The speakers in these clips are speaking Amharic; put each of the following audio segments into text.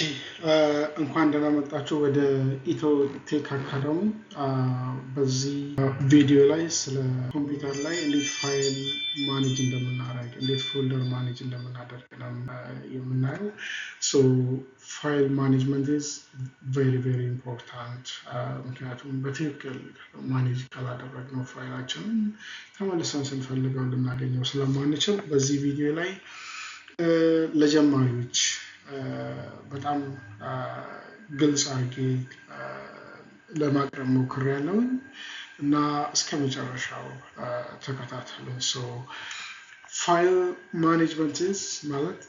እሺ እንኳን ደህና ወደ ኢትዮ ቴክ አካዳሚ። በዚህ ቪዲዮ ላይ ስለ ኮምፒውተር ላይ እንዴት ፋይል ማኔጅ እንደምናደርግ እንዴት ፎልደር ማኔጅ እንደምናደርግ ነው የምናየው። ሶ ፋይል ማኔጅመንት ኢዝ ቬሪ ቬሪ ኢምፖርታንት። ምክንያቱም በትክክል ማኔጅ ካላደረግነው ፋይላችንን ተመልሰን ስንፈልገው ልናገኘው ስለማንችል በዚህ ቪዲዮ ላይ ለጀማሪዎች Uh, በጣም uh, ግልጽ አድርጌ uh, ለማቅረብ ሞክሬያለሁኝ እና እስከ መጨረሻው ተከታተሉ። ፋይል file ማለት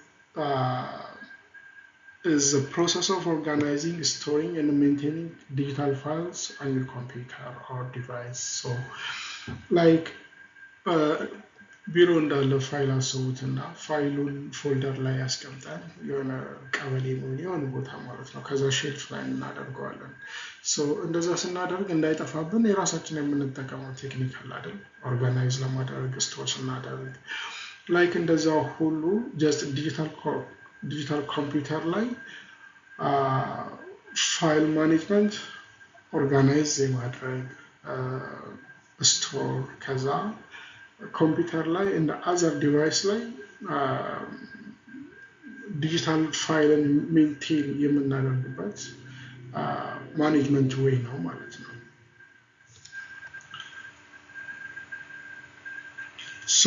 is the process of organizing, storing, and maintaining digital files on your computer or device. So, like uh, ቢሮ እንዳለ ፋይል አሰቡት እና ፋይሉን ፎልደር ላይ ያስቀምጠን የሆነ ቀበሌ ሆን የሆነ ቦታ ማለት ነው። ከዛ ሼልፍ ላይ እናደርገዋለን። እንደዛ ስናደርግ እንዳይጠፋብን የራሳችን የምንጠቀመው ቴክኒክ አላደል ኦርጋናይዝ ለማድረግ ስቶር ስናደርግ ላይክ እንደዛ ሁሉ ጀስት ዲጂታል ኮምፒውተር ላይ ፋይል ማኔጅመንት ኦርጋናይዝ የማድረግ ስቶር ከዛ ኮምፒውተር ላይ እንደ አዘር ዲቫይስ ላይ ዲጂታል ፋይልን ሜንቴን የምናደርግበት ማኔጅመንት ወይ ነው ማለት ነው። ሶ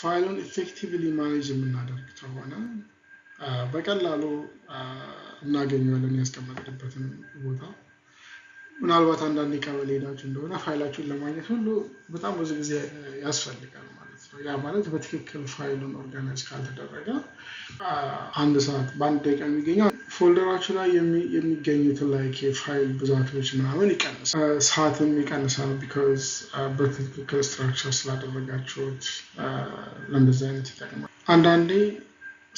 ፋይሉን ኢፌክቲቭሊ ማኔጅ የምናደርግ ከሆነ በቀላሉ እናገኘዋለን ያስቀመጥንበትን ቦታ ምናልባት አንዳንድ ቀበሌ ሄዳችሁ እንደሆነ ፋይላችሁን ለማግኘት ሁሉ በጣም ብዙ ጊዜ ያስፈልጋል ማለት ነው። ያ ማለት በትክክል ፋይሉን ኦርጋናይዝ ካልተደረገ አንድ ሰዓት በአንድ ደቂቃ የሚገኘው ፎልደራችሁ ላይ የሚገኙትን ላይ የፋይል ብዛቶች ምናምን ይቀንሳል፣ ሰዓትም ይቀንሳል። ቢካዝ በትክክል ስትራክቸር ስላደረጋችሁት ለእንደዚህ አይነት ይጠቅማል። አንዳንዴ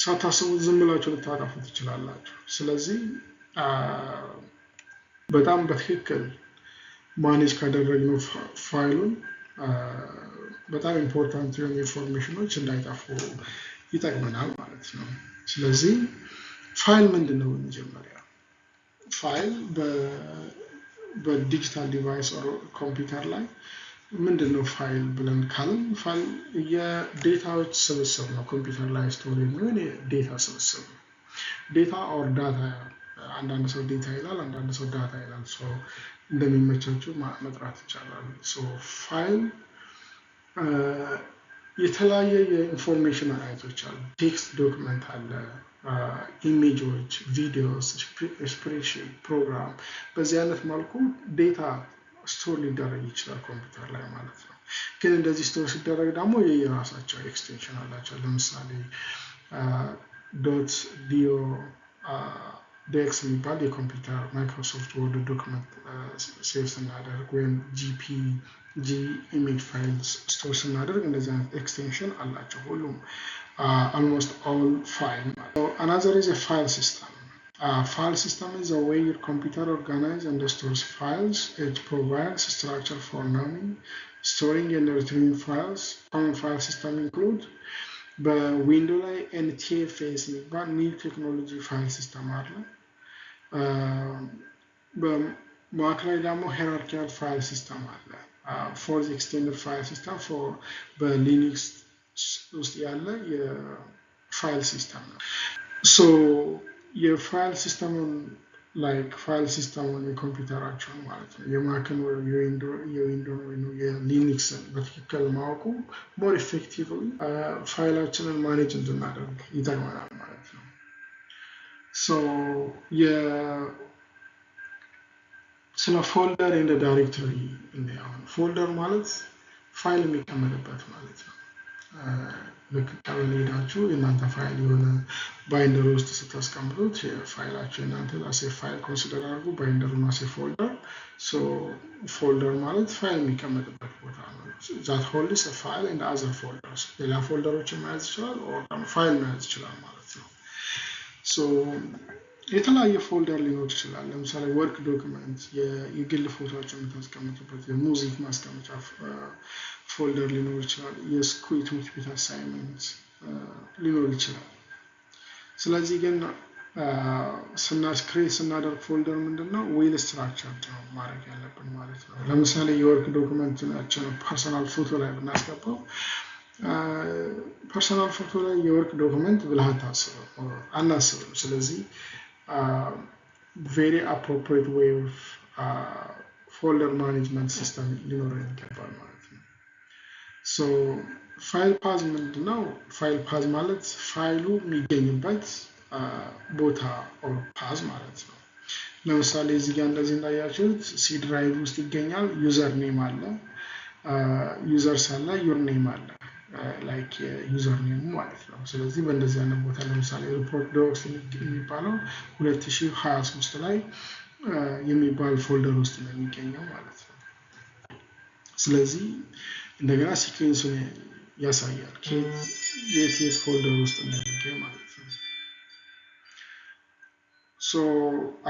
ሳታስቡት ዝም ብላችሁ ልታጠፉ ትችላላችሁ። ስለዚህ በጣም በትክክል ማኔጅ ካደረግነው ፋይሉን በጣም ኢምፖርታንት የሆኑ ኢንፎርሜሽኖች እንዳይጠፉ ይጠቅመናል ማለት ነው። ስለዚህ ፋይል ምንድን ነው? መጀመሪያ ፋይል በዲጂታል ዲቫይስ ኮምፒውተር ላይ ምንድን ነው ፋይል ብለን ካልን ፋይል የዴታዎች ስብስብ ነው። ኮምፒውተር ላይ ስቶር የሚሆን የዴታ ስብስብ ነው። ዴታ ኦር ዳታ አንዳንድ ሰው ዴታ ይላል፣ አንዳንድ ሰው ዳታ ይላል። እንደሚመቻቸው መጥራት ይቻላል። ፋይል uh, የተለያየ የኢንፎርሜሽን አይነቶች አሉ። ቴክስት ዶክመንት አለ፣ uh, ኢሜጆች፣ ቪዲዮስ፣ ስፕሬድሺት፣ ፕሮግራም በዚህ አይነት መልኩ ዴታ ስቶር ሊደረግ ይችላል ኮምፒውተር ላይ ማለት ነው። ግን እንደዚህ ስቶር ሲደረግ ደግሞ የየራሳቸው ኤክስቴንሽን አላቸው። ለምሳሌ ዶት uh, ዲዮ ዴክስ የሚባል የኮምፒውተር ማይክሮሶፍት ወርድ ዶክመንት ሴቭ ስናደርግ ወይም ጂፒጂ ኢሜጅ ፋይል ስቶር ስናደርግ እንደዚህ አይነት ኤክስቴንሽን አላቸው ሁሉም አልሞስት ኦል ፋይል አናዘር ኢዝ ፋይል ሲስተም ፋይል ሲስተም ኢዝ ዌይ ዩር ኮምፒውተር ኦርጋናይዝ አንድ ስቶርስ ፋይልስ ኢት ፕሮቫይድስ ስትራክቸር ፎር ናሚንግ ስቶሪንግ ኤንድ ሪትሪቪንግ ፋይልስ ኮመን ፋይል ሲስተም ኢንክሉድ በዊንዶ ላይ ኤንቲኤፍኤስ የሚባል ኒው ቴክኖሎጂ ፋይል ሲስተም አለ በማዕከላዊ ደግሞ ሄራርኪያል ፋይል ሲስተም አለ። ፎርዝ ኤክስቴንደድ ፋይል ሲስተም በሊኒክስ ውስጥ ያለ የፋይል ሲስተም ነው። ሶ የፋይል ሲስተሙን ላይክ ፋይል ሲስተሙን የኮምፒውተራቸውን ማለት ነው የማክን ወይ የሊኒክስን በትክክል ማወቁ ሞር ኢፌክቲቭ ፋይላችንን ማኔጅ እንድናደርግ ይጠቅመናል ማለት ነው። ስለ ፎልደር እንደ ዳይሬክቶሪ እንዲሆን ፎልደር ማለት ፋይል የሚቀመጥበት ማለት ነው። ልክ uh, ቀበሌ ሄዳችሁ የእናንተ ፋይል የሆነ ባይንደር ውስጥ ስታስቀምጡት ፋይላችሁ የእናንተ አሴ ፋይል ኮንሲደር አድርጉ፣ ባይንደሩን አሴ ፎልደር። ፎልደር ማለት ፋይል የሚቀመጥበት ቦታ ነው። ዛት ሆልድስ ፋይል እንደ አዘር ፎልደርስ ሌላ ፎልደሮችን መያዝ ይችላል፣ ፋይል መያዝ ይችላል ማለት የተለያየ ፎልደር ሊኖር ይችላል። ለምሳሌ ወርክ ዶክመንት፣ የግል ፎቶዎችን የምታስቀምጡበት የሙዚክ ማስቀመጫ ፎልደር ሊኖር ይችላል። የስኩል ትምህርት ቤት አሳይመንት ሊኖር ይችላል። ስለዚህ ግን ስናስክሬት ስናደርግ ፎልደር ምንድን ነው ዌል ስትራክቸር ነው ማድረግ ያለብን ማለት ነው። ለምሳሌ የወርክ ዶክመንት ናቸው ፐርሰናል ፎቶ ላይ ብናስገባው ፐርሰናል ፎቶ ላይ የወርቅ ዶክመንት ብለህ አናስብም። ስለዚህ ቬሪ አፕሮፕሪት ዌይ ኦፍ ፎልደር ማኔጅመንት ሲስተም ሊኖረ ይገባል ማለት ነው። ፋይል ፓዝ ምንድን ነው? ፋይል ፓዝ ማለት ፋይሉ የሚገኝበት ቦታ ኦር ፓዝ ማለት ነው። ለምሳሌ እዚህ ጋር እንደዚህ እንዳያችሁት ሲ ድራይቭ ውስጥ ይገኛል። ዩዘር ኔም አለ፣ ዩዘር አለ ዩር ኔም አለ ላይክ የዩዘር ኔሙ ማለት ነው። ስለዚህ በእንደዚህ አይነት ቦታ ለምሳሌ ሪፖርት ዶክስ የሚባለው 2023 ላይ uh, የሚባል ፎልደር ውስጥ ነው የሚገኘው ማለት ነው። ስለዚህ እንደገና ሲኩዌንሱን ያሳያል የት የት ፎልደር ውስጥ እንደሚገኝ ማለት ነው። ሶ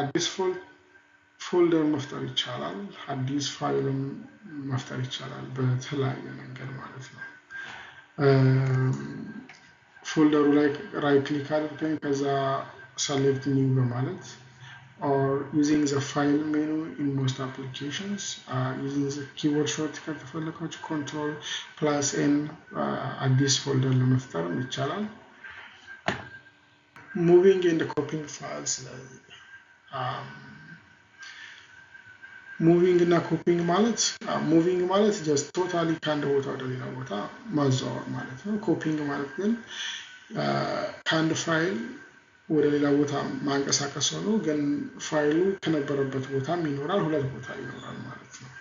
አዲስ ፎልደር መፍጠር ይቻላል። አዲስ ፋይልም መፍጠር ይቻላል በተለያየ መንገድ ማለት ነው። ሾልደሩ ላይ ራይት ክሊክ አድርገን ከዛ ሰሌክት ኒው በማለት ኦር ዩዚንግ ዘ ፋይል ሜኑ ኢን ሞስት አፕሊኬሽንስ ዩዚንግ ዘ ኪቦርድ ሾርትከት ከፈለጋችሁ ኮንትሮል ፕላስ ኤን አዲስ ፎልደር ለመፍጠርም ይቻላል። ሙቪንግ ኤንድ ኮፒንግ ፋይልስ ሙቪንግ እና ኮፒንግ ማለት ሙቪንግ uh, ማለት ጀስት ቶታሊ ከአንድ ቦታ ወደ ሌላ ቦታ ማዘዋወር ማለት ነው። ኮፒንግ ማለት ግን ከአንድ uh, ፋይል ወደ ሌላ ቦታ ማንቀሳቀስ ሆኖ ግን ፋይሉ ከነበረበት ቦታም ይኖራል፣ ሁለት ቦታ ይኖራል ማለት ነው።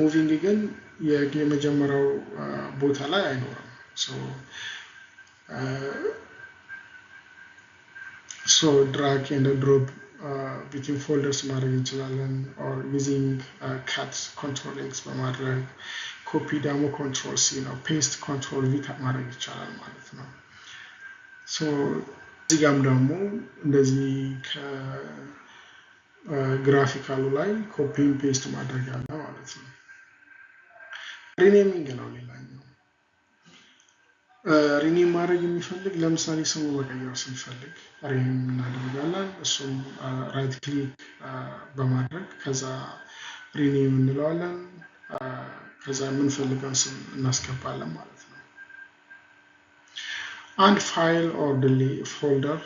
ሙቪንግ ግን የመጀመሪያው uh, ቦታ ላይ አይኖርም። ሶ ድራግ ኤንድ ድሮፕ ቢትዊን uh, ፎልደርስ ማድረግ እንችላለን። ኦር ዩዚንግ ካት ኮንትሮል ኤክስ በማድረግ ኮፒ ደግሞ ኮንትሮል ሲ ነው። ፔስት ኮንትሮል ቪ ማድረግ ይቻላል ማለት ነው። ሶ እዚህ ጋም ደግሞ እንደዚህ ከግራፊካሉ uh, ላይ ኮፒን ፔስት ማድረግ ያለ ማለት ነው። ሪኔሚንግ ነው ሌላ ሪኒ ማድረግ የሚፈልግ ለምሳሌ ስሙ መቀየር ስንፈልግ ሪኒ እናደርጋለን። እሱም ራይት ክሊክ በማድረግ ከዛ ሪኒ እንለዋለን። ከዛ የምንፈልገውን ስም እናስገባለን ማለት ነው። አንድ ፋይል ኦር ድሊ ፎልደር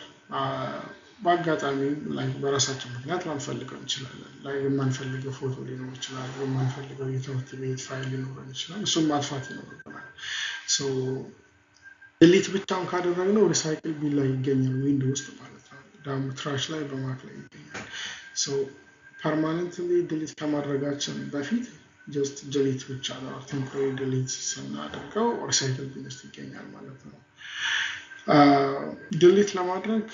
በአጋጣሚ በራሳቸው በራሳችን ምክንያት ላንፈልገው እንችላለን። ላይ የማንፈልገው ፎቶ ሊኖር ይችላል። የማንፈልገው የትምህርት ቤት ፋይል ሊኖረን ይችላል። እሱም ማጥፋት ይኖርብናል። ድሊት ብቻውን ካደረግነው ሪሳይክል ቢል ላይ ይገኛል፣ ዊንዶ ውስጥ ማለት ነው። ዳም ትራሽ ላይ በማክ ላይ ይገኛል። ፐርማነንትሊ ድሊት ከማድረጋችን በፊት ጀስት ድሊት ብቻ ቴምፖራሪ ድሊት ስናደርገው ሪሳይክል ቢል ውስጥ ይገኛል ማለት ነው። ድሊት ለማድረግ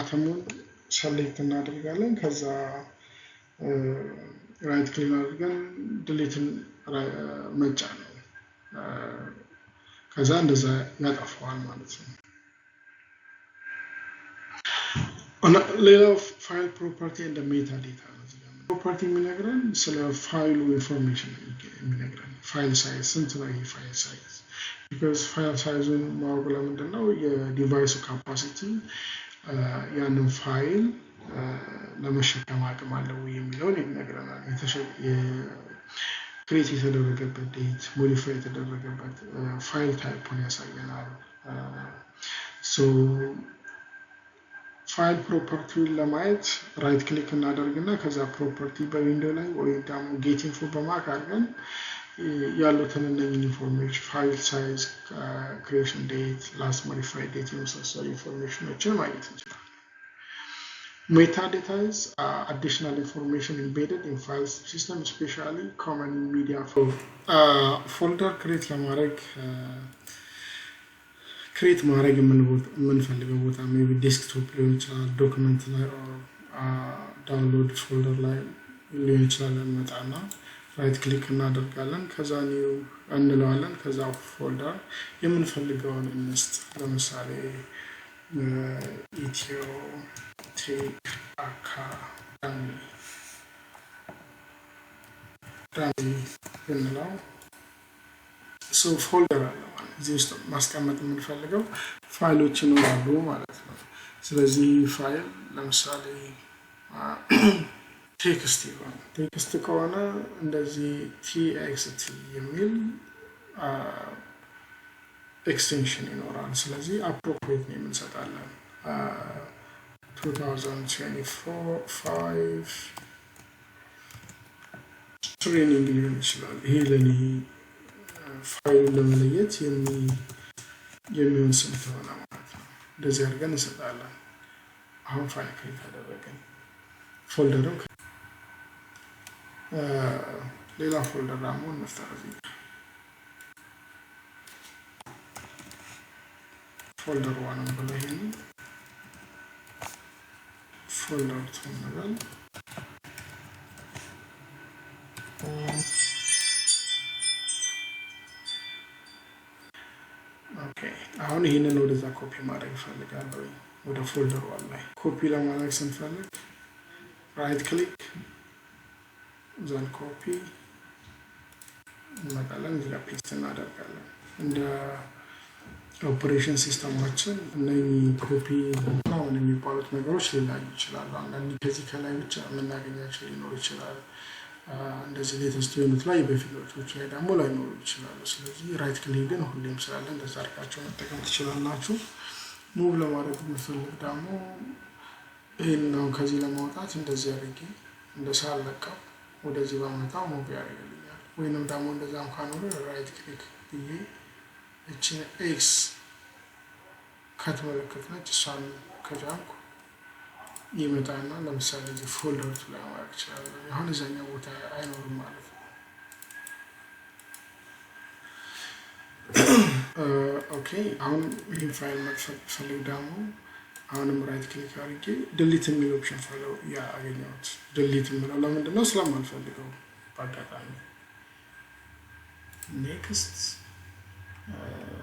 አተሙን ሰሌክት እናደርጋለን። ከዛ ራይት ክሊን አድርገን ድሊትን መጫ ነው። ከዛ እንደዛ ያጠፋዋል ማለት ነው። ሌላው ፋይል ፕሮፐርቲ እንደ ሜታ ዴታ ነው። ፕሮፐርቲ የሚነግረን ስለ ፋይሉ ኢንፎርሜሽን የሚነግረን ፋይል ሳይዝ ስንት ነው ይህ ፋይል ሳይዝ ቢካዝ ፋይል ሳይዙን ማወቅ ለምንድን ነው የዲቫይሱ ካፓሲቲ ያንን ፋይል ለመሸከም አቅም አለው የሚለውን ይነግረናል። ክሬት የተደረገበት ዴት ሞዲፋይ የተደረገበት ፋይል ታይፕን ያሳየናል። ፋይል ፕሮፐርቲውን ለማየት ራይት ክሊክ እናደርግና ከዛ ፕሮፐርቲ በዊንዶ ላይ ወይ ደግሞ ጌት ኢንፎ በማክ አድርገን ያሉትን እነኝን ኢንፎርሜሽን ፋይል ሳይዝ፣ ክሬሽን ዴት፣ ላስት ሞዲፋይ ዴት የመሳሰሉ ኢንፎርሜሽኖችን ማየት እንችላል። Metadata is uh, additional information embedded in files system especially common in media ፎልደር ክሬት uh, ለማድረግ ክሬት uh, ማድረግ የምንፈልገው ቦታ ሜይ ዴስክቶፕ ሊሆን ይችላል፣ ዶክመንት ላይ ዳውንሎድ ፎልደር uh, ላይ ሊሆን ይችላል። እንመጣና ራይት ክሊክ እናደርጋለን። ከዛ ኒው እንለዋለን። ከዛ ፎልደር የምንፈልገውን እንስጥ። ለምሳሌ ኢትዮ አካዳሚ ዳሚ የምንለው ፎልደር አለ እዚህ ውስጥ ማስቀመጥ የምንፈልገው ፋይሎች ይኖራሉ ማለት ነው። ስለዚህ ፋይል ለምሳሌ ቴክስት ይሆን ቴክስት ከሆነ እንደዚህ ቲኤክስቲ የሚል ኤክስቴንሽን ይኖራል። ስለዚህ አፕሮፕሬት ነው የምንሰጣለን። 2024 5 ትሬኒንግ ሊሆን ይችላል። ይሄ ለኔ ፋይሉን ለመለየት የሚሆን ስም ከሆነ ማለት ነው። እንደዚህ አድርገን እንሰጣለን። አሁን ፋይል ፎልደርም ሌላ ፎልደር ደግሞ እንፍጠር። ፎልደር ዋንም ይሄንን Şuradan sonradan. አሁን ይህንን ወደዛ ኮፒ ማድረግ እፈልጋለሁ። ወደ ፎልደር ላይ ኮፒ ለማድረግ ስንፈልግ ራይት ክሊክ ዘን ኮፒ እንመጣለን። እዚጋ ፔስት እናደርጋለን እንደ ኦፕሬሽን ሲስተማችን እነኚህ ኮፒ ምናምን የሚባሉት ነገሮች ሊለያዩ ይችላሉ። አንዳንድ ከዚህ ከላይ ብቻ የምናገኛቸው ሊኖር ይችላል። እንደዚህ ሌተስት የሆኑት ላይ በፊሎቾች ላይ ደግሞ ላይኖሩ ይችላሉ። ስለዚህ ራይት ክሊክ ግን ሁሌም ስላለ እንደዛ አድርጋቸው መጠቀም ትችላላችሁ። ሙቭ ለማድረግ የምፈልግ ደግሞ ይህን ነው ከዚህ ለማውጣት እንደዚህ አድርጌ ሳለቀው ወደዚህ ባመጣው ሙቭ ያደርግልኛል። ወይንም ደግሞ እንደዛም ካልሆነ ራይት ክሊክ ብዬ እችን ኤክስ ከተመለከትነች እሷን ከጫንኩ ይመጣና ለምሳሌ እዚህ ፎልደር ላይ ማድረግ ይችላለ። አሁን እዛኛው ቦታ አይኖርም ማለት ነው። ኦኬ አሁን ይህን ፋይል መጥፈት ፈልግ ደግሞ አሁንም ራይት ክሊክ አድርጌ ድሊት የሚል ኦፕሽን ፈለው ያገኘሁት ድሊት የሚለው ለምንድነው ስለማልፈልገው በአጋጣሚ ኔክስት Uh,